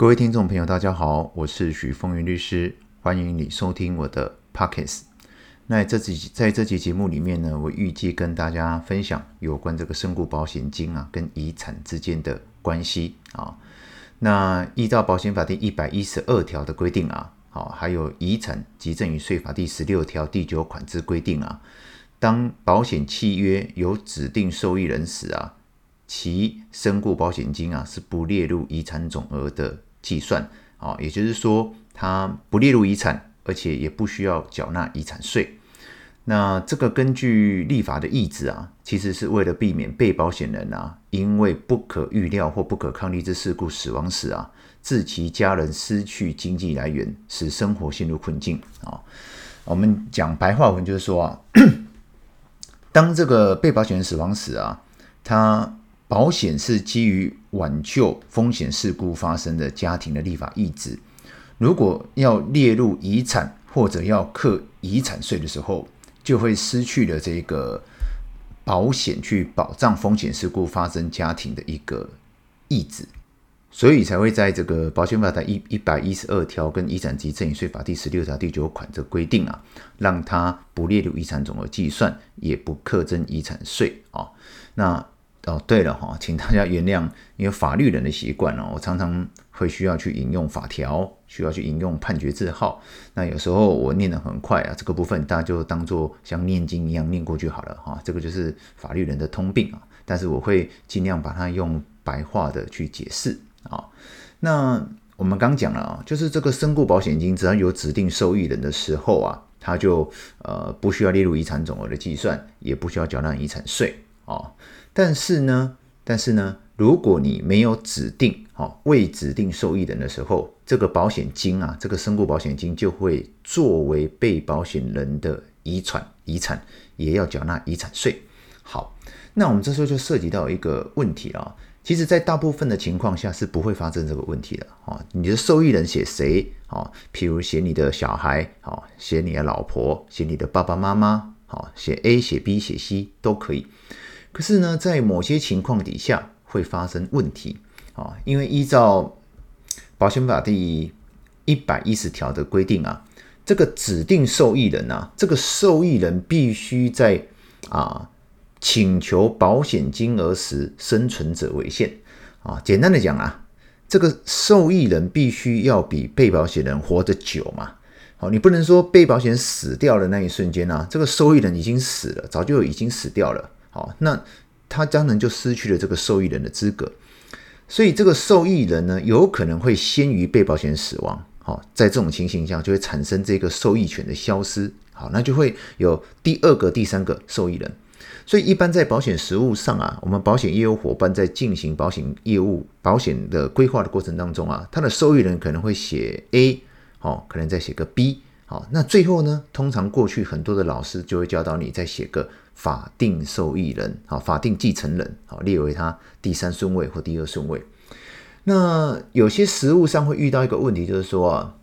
各位聽眾朋友，大家好，我是許峰源律師，歡迎你收聽我的 Podcast。那這集在這期節目裡面呢，我預計跟大家分享有關這個身故保險金啊跟遺產之間的關係啊。那依照保險法第一百一十二條的規定啊，好，還有遺產及贈與稅法第十六條第九款之規定啊，當保險契約有指定受益人時啊，其身故保險金啊是不列入遺產總額的計算啊，也就是說，他不列入遺產，而且也不需要繳納遺產稅。那這個根據立法的意志啊，其實是為了避免被保險人啊，因為不可預料或不可抗力之事故死亡時啊，致其家人失去經濟來源，使生活陷入困境啊。我們講白話文就是說啊， 當這個被保險人死亡時啊，他。保險是基於挽救風險事故發生的家庭的立法意志，如果要列入遺產或者要課遺產稅的時候，就會失去了這個保險去保障風險事故發生家庭的一個意志，所以才會在這個保險法的一一百一十二條跟遺產及贈與稅法第十六條第九款的規定啊，讓它不列入遺產總額計算，也不課徵遺產稅啊、哦，那。哦，對了哈，請大家原諒，因為法律人的習慣哦，我常常會需要去引用法條，需要去引用判決字號。那有時候我念得很快啊，這個部分大家就當做像念經一樣念過去好了哈。這個就是法律人的通病啊，但是我會盡量把它用白話的去解釋啊。那我們剛講了啊，就是這個身故保險金，只要有指定受益人的時候啊，它就呃不需要列入遺產總額的計算，也不需要繳納遺產稅啊。但是呢，但是呢，如果你沒有指定，哦，未指定受益人的時候，這個保險金啊，這個身故保險金就會作為被保險人的遺產，遺產也要繳納遺產稅。好，那我們這時候就涉及到一個問題了。其實，在大部分的情況下是不會發生這個問題的，哦，你的受益人寫誰啊，哦？譬如寫你的小孩，好，哦，寫你的老婆，寫你的爸爸媽媽，好，哦，寫 A，寫 B，寫 C 都可以。可是呢，在某些情況底下會發生問題啊，因為依照保險法第一百一十條的規定啊，這個指定受益人啊，這個受益人必須在啊請求保險金額時生存者為限啊。簡單的講啊，這個受益人必須要比被保險人活得久嘛，好，你不能說被保險死掉的那一瞬間啊，這個受益人已經死了，早就已經死掉了。好，那他家人就失去了這個受益人的資格，所以這個受益人呢，有可能會先於被保險人死亡。好、哦，在這種情形下，就會產生這個受益權的消失。好，那就會有第二個、第三個受益人。所以，一般在保險實務上啊，我們保險業務夥伴在進行保險業務、保險的規劃的過程當中啊，他的受益人可能會寫 A，哦，可能再寫個 B。好，那最後呢，通常過去很多的老師就會教導你，再寫個法定受益人，好，法定繼承人，好，列為他第三順位或第二順位。那有些實務上會遇到一個問題，就是說啊，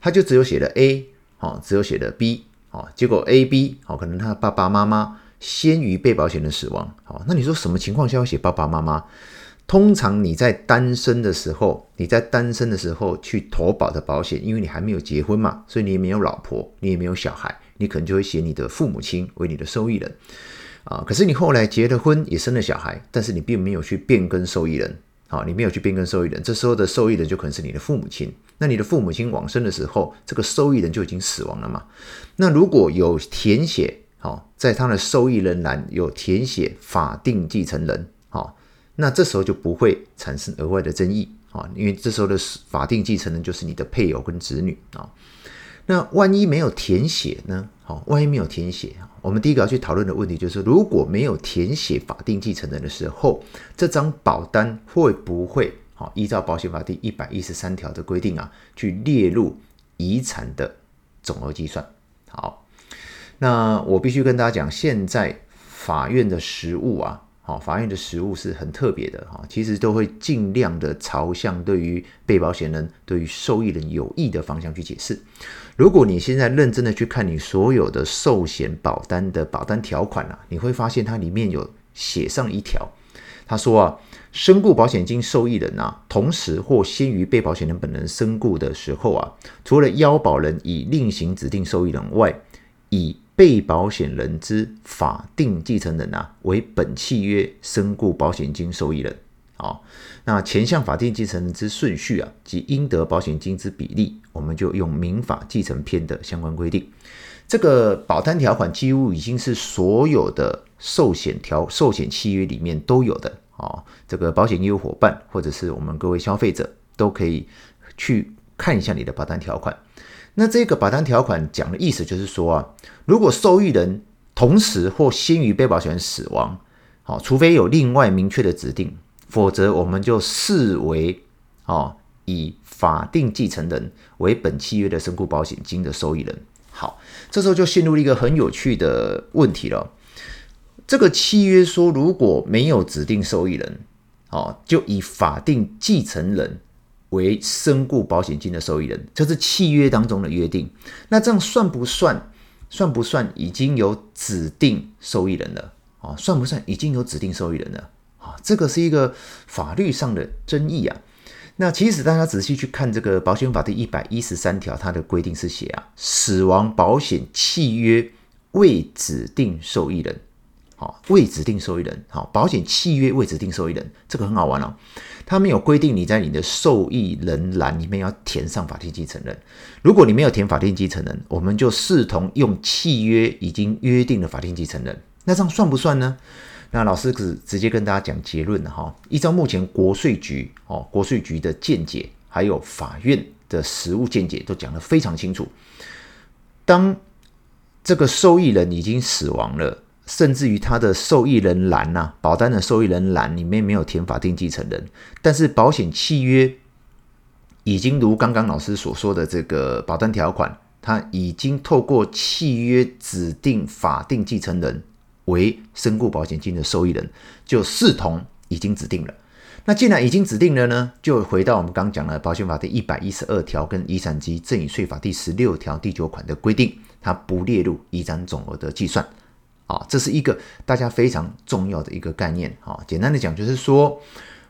他就只有寫了 A，好，只有寫了 B，好，結果 A、B，好，可能他爸爸媽媽先於被保險人死亡，好，那你說什麼情況下要寫爸爸媽媽？通常你在單身的時候，你在單身的時候去投保的保險，因為你還沒有結婚嘛，所以你也沒有老婆，你也沒有小孩，你可能就會寫你的父母親為你的受益人啊。可是你後來結了婚，也生了小孩，但是你並沒有去變更受益人，好、啊，你沒有去變更受益人，這時候的受益人就可能是你的父母親。那你的父母親往生的時候，這個受益人就已經死亡了嘛，那如果有填寫好、啊，在他的受益人欄有填寫法定繼承人，好、啊。那這時候就不會產生額外的爭議啊，因為這時候的法定繼承人就是你的配偶跟子女啊。那萬一沒有填寫呢？好，萬一沒有填寫，我們第一個要去討論的問題就是，如果沒有填寫法定繼承人的時候，這張保單會不會好依照保險法第一百一十三條的規定啊，去列入遺產的總額計算？好，那我必須跟大家講，現在法院的實務啊。好，法院的實務是很特別的哈，其實都會盡量的朝向對於被保險人、對於受益人有益的方向去解釋。如果你現在認真的去看你所有的壽險保單的保單條款啊，你會發現它裡面有寫上一條，他說啊，身故保險金受益人啊，同時或先於被保險人本人身故的時候啊，除了要保人已另行指定受益人外，以。被保險人之法定繼承人啊，為本契約身故保險金受益人。好，那前項法定繼承人之順序啊，及應得保險金之比例，我們就用民法繼承篇的相關規定。這個保單條款幾乎已經是所有的壽險條壽險契約裡面都有的。啊，這個保險業務夥伴或者是我們各位消費者都可以去看一下你的保單條款。那這個保單條款講的意思就是說啊，如果受益人同時或先於被保險人死亡，哦，除非有另外明確的指定，否則我們就視為哦以法定繼承人為本契約的身故保險金的受益人。好，這時候就陷入了一個很有趣的問題了。這個契約說，如果沒有指定受益人，哦，就以法定繼承人，為身故保險金的受益人，這是契約當中的約定。那這樣算不算，算不算已經有指定受益人了啊？算不算已經有指定受益人了啊、哦哦？這個是一個法律上的爭議啊。那其實大家仔細去看這個保險法第一百一十三條，它的規定是寫啊，死亡保險契約未指定受益人。好，未指定受益人。好，保險契約未指定受益人，這個很好玩哦。他們有規定，你在你的受益人欄裡面要填上法定繼承人。如果你沒有填法定繼承人，我們就視同用契約已經約定了法定繼承人。那這樣算不算呢？那老師是直接跟大家講結論了哈。依照目前國稅局哦，國稅局的見解，還有法院的實務見解，都講得非常清楚。當這個受益人已經死亡了。甚至於他的受益人欄吶、啊，保單的受益人欄裡面沒有填法定繼承人，但是保險契約已經如剛剛老師所說的這個保單條款，他已經透過契約指定法定繼承人為身故保險金的受益人，就視同已經指定了。那既然已經指定了呢，就回到我們剛講的保險法第一百一十二條跟遺產及贈與稅法第十六條第九款的規定，它不列入遺產總額的計算。啊，這是一個大家非常重要的一個概念哈，簡單的講，就是說，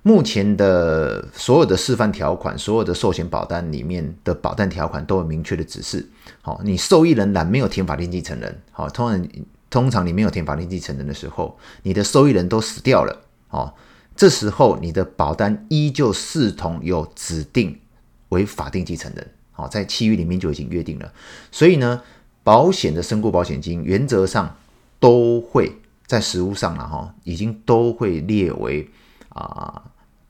目前的所有的示範條款、所有的壽險保單裡面的保單條款都有明確的指示。好，你受益人欄沒有填法定繼承人，好，通常通常你沒有填法定繼承人的時候，你的受益人都死掉了。好，這時候你的保單依舊視同有指定為法定繼承人。好，在契約裡面就已經約定了。所以呢，保險的身故保險金原則上。都會在實務上了、啊、哈，已經都會列為啊、呃，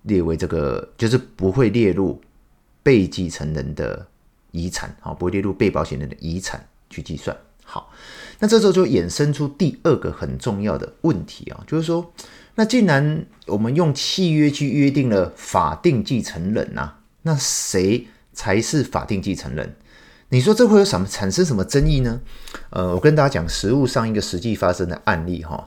列為這個就是不會列入被繼承人的遺產啊，不會列入被保險人的遺產去計算。好，那這時候就衍生出第二個很重要的問題啊，就是說，那既然我們用契約去約定了法定繼承人吶、啊，那誰才是法定繼承人？你說這會有什麼產生什麼爭議呢？呃，我跟大家講實務上一個實際發生的案例哈、哦，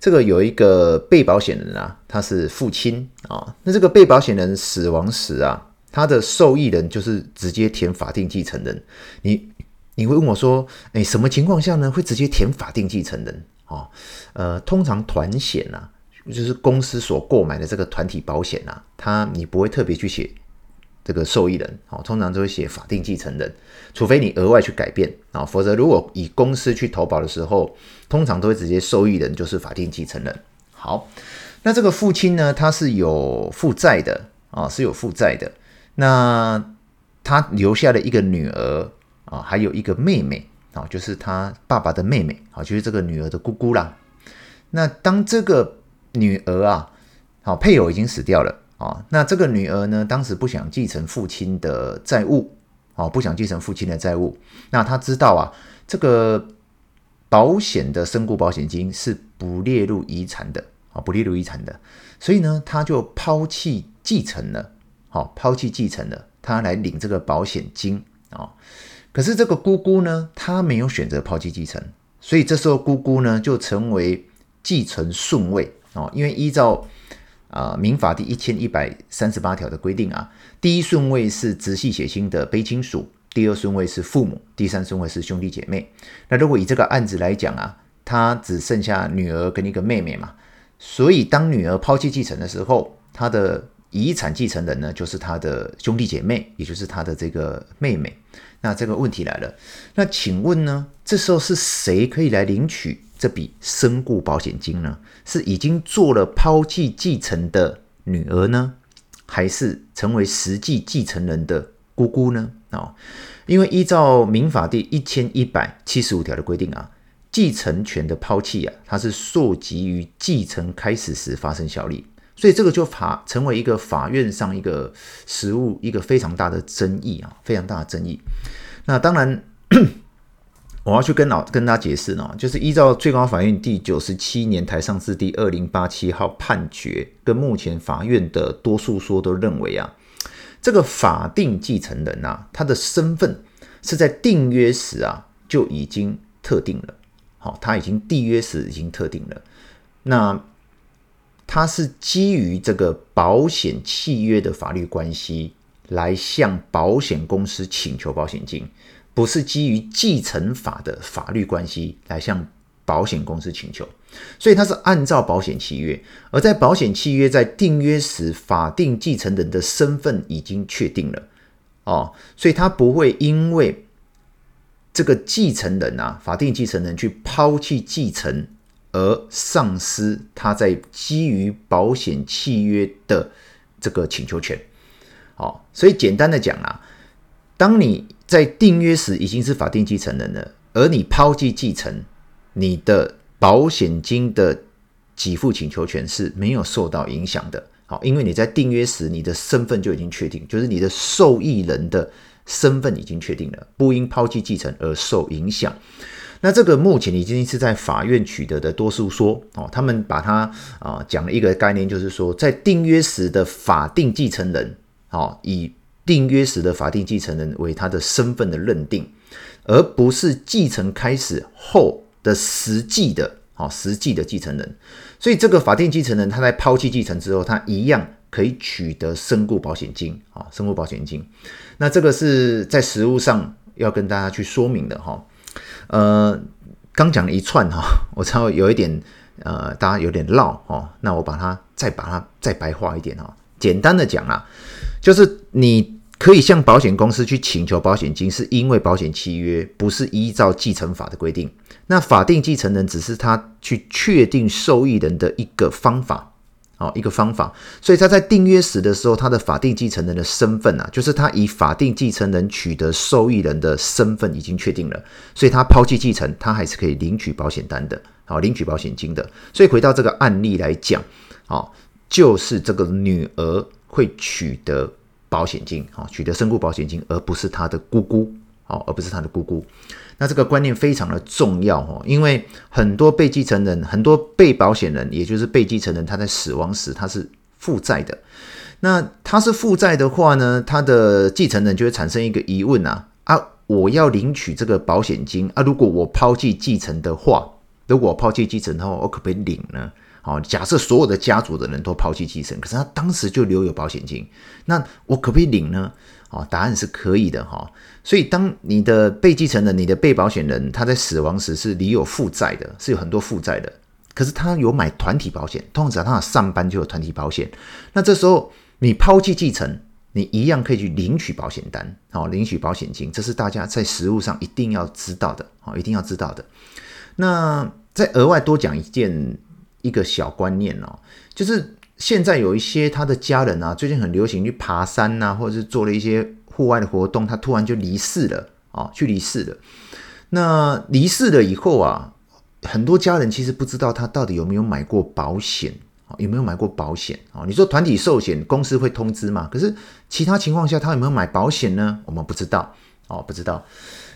這個有一個被保險人啊，他是父親啊、哦，那這個被保險人死亡時啊，他的受益人就是直接填法定繼承人。你你會問我說，哎，什麼情況下呢？會直接填法定繼承人啊、哦？呃，通常團險啊，就是公司所購買的這個團體保險啊，他，你不會特別去寫。這個受益人哦，通常都會寫法定繼承人，除非你額外去改變啊，否則如果以公司去投保的時候，通常都會直接受益人就是法定繼承人。好，那這個父親呢，他是有負債的啊，是有負債的。那他留下了一個女兒啊，還有一個妹妹啊，就是他爸爸的妹妹啊，就是這個女兒的姑姑啦。那當這個女兒啊，好，配偶已經死掉了。啊，那這個女兒呢，當時不想繼承父親的債務，哦，不想繼承父親的債務。那她知道啊，這個保險的身故保險金是不列入遺產的，啊，不列入遺產的。所以呢，她就拋棄繼承了，好，拋棄繼承了，她來領這個保險金哦，可是這個姑姑呢，她沒有選擇拋棄繼承，所以這時候姑姑呢就成為繼承順位，哦，因為依照。啊，民法第一千一百三十八條的規定啊，第一順位是直系血親的卑親屬，第二順位是父母，第三順位是兄弟姐妹。那如果以這個案子來講啊，他只剩下女兒跟一個妹妹嘛，所以當女兒拋棄繼承的時候，他的遺產繼承人呢，就是他的兄弟姐妹，也就是他的這個妹妹。那這個問題來了，那請問呢，這時候是誰可以來領取？這筆身故保險金呢，是已經做了拋棄繼承的女兒呢，還是成為實際繼承人的姑姑呢？啊、哦，因為依照民法第一千一百七十五條的規定啊，繼承權的拋棄啊，它是溯及於繼承開始時發生效力，所以這個就法成為一個法院上一個實務一個非常大的爭議啊，非常大的爭議。那當然。我要去跟老、跟他解釋呢、哦，就是依照最高法院第九十七年台上字第二零八七號判決，跟目前法院的多數說都認為啊，這個法定繼承人吶、啊，他的身份是在訂約時啊就已經特定了，好、哦，他已經締約時已經特定了，那他是基於這個保險契約的法律關係來向保險公司請求保險金。不是基於繼承法的法律關係來向保險公司請求，所以他是按照保險契約，而在保險契約在訂約時，法定繼承人的身份已經確定了，哦，所以他不會因為這個繼承人啊，法定繼承人去拋棄繼承而喪失他在基於保險契約的這個請求權，哦，所以簡單的講啊，當你。在訂約時已經是法定繼承人了，而你拋棄繼承，你的保險金的給付請求權是沒有受到影響的。好，因為你在訂約時，你的身份就已經確定，就是你的受益人的身份已經確定了，不因拋棄繼承而受影響。那這個目前已經是在法院取得的多數說，哦，他們把它啊、哦、講了一個概念，就是說在訂約時的法定繼承人，哦、以。訂約時的法定繼承人為他的身份的認定，而不是繼承開始後的實際的哦實際的繼承人。所以這個法定繼承人他在拋棄繼承之後，他一樣可以取得身故保險金哦身故保險金。那這個是在實務上要跟大家去說明的哈、哦。呃，剛講了一串哈、哦，我稍微有一點呃大家有點繞哦，那我把它再把它再白話一點哦。簡單的講啊，就是你。可以向保險公司去請求保險金，是因為保險契約不是依照繼承法的規定，那法定繼承人只是他去確定受益人的一個方法，哦，一個方法。所以他在訂約時的時候，他的法定繼承人的身份啊，就是他以法定繼承人取得受益人的身份已經確定了，所以他拋棄繼承，他還是可以領取保險單的，好，領取保險金的。所以回到這個案例來講，好，就是這個女兒會取得。保險金，取得身故保險金，而不是他的姑姑，好，而不是他的姑姑。那這個觀念非常的重要，哈，因為很多被繼承人、很多被保險人，也就是被繼承人，他在死亡時他是負債的。那他是負債的話呢，他的繼承人就會產生一個疑問啊啊，我要領取這個保險金啊，如果我拋棄繼承的話，如果我拋棄繼承的話，我可不可以領呢？好，假設所有的家族的人都拋棄繼承，可是他當時就留有保險金，那我可不可以領呢？哦，答案是可以的哈。所以當你的被繼承人、你的被保險人他在死亡時是留有負債的，是有很多負債的，可是他有買團體保險，通常只要他上班就有團體保險。那這時候你拋棄繼承，你一樣可以去領取保險單，好，領取保險金，這是大家在實務上一定要知道的，好，一定要知道的。那再額外多講一件。一個小觀念哦，就是現在有一些他的家人啊，最近很流行去爬山啊，或者是做了一些戶外的活動，他突然就離世了啊，去離世了。那離世了以後啊，很多家人其實不知道他到底有沒有買過保險啊，有沒有買過保險啊？你說團體壽險公司會通知嗎？可是其他情況下他有沒有買保險呢？我們不知道哦，不知道。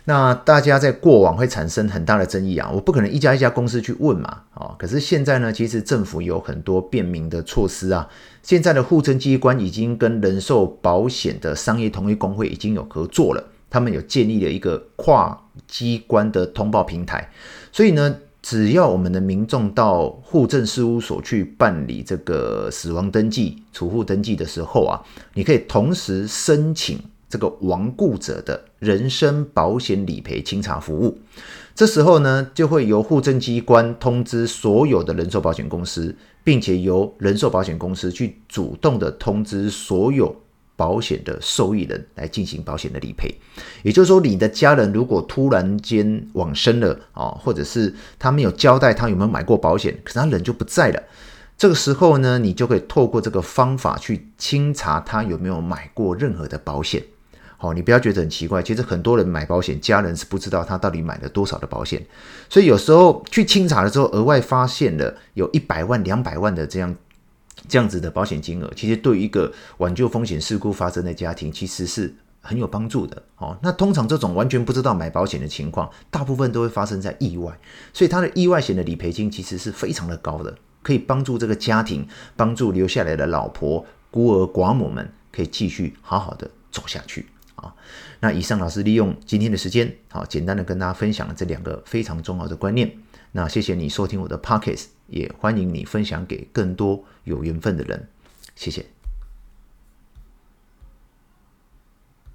那大家在過往會產生很大的爭議啊！我不可能一家一家公司去問嘛，哦，可是現在呢，其實政府有很多便民的措施啊。現在的戶政機關已經跟人壽保險的商業同業公會已經有合作了，他們有建立了一個跨機關的通報平台。所以呢，只要我們的民眾到戶政事務所去辦理這個死亡登記、儲戶登記的時候啊，你可以同時申請這個亡故者的。人身保險理賠清查服務，這時候呢，就會由戶政機關通知所有的人壽保險公司，並且由人壽保險公司去主動的通知所有保險的受益人來進行保險的理賠。也就是說，你的家人如果突然間往生了啊，或者是他沒有交代他有沒有買過保險，可是他人就不在了，這個時候呢，你就可以透過這個方法去清查他有沒有買過任何的保險。好，你不要覺得很奇怪。其實很多人買保險，家人是不知道他到底買了多少的保險。所以有時候去清查的時候，額外發現了有一百萬、兩百萬的這樣這樣子的保險金額，其實對於一個挽救風險事故發生的家庭其實是很有幫助的。哦，那通常這種完全不知道買保險的情況，大部分都會發生在意外。所以他的意外險的理賠金其實是非常的高的，可以幫助這個家庭，幫助留下來的老婆、孤兒寡母們可以繼續好好的走下去。啊，那以上老師利用今天的時間，好，簡單的跟大家分享了這兩個非常重要的觀念。那謝謝你收聽我的 Podcast，也歡迎你分享給更多有緣分的人。謝謝。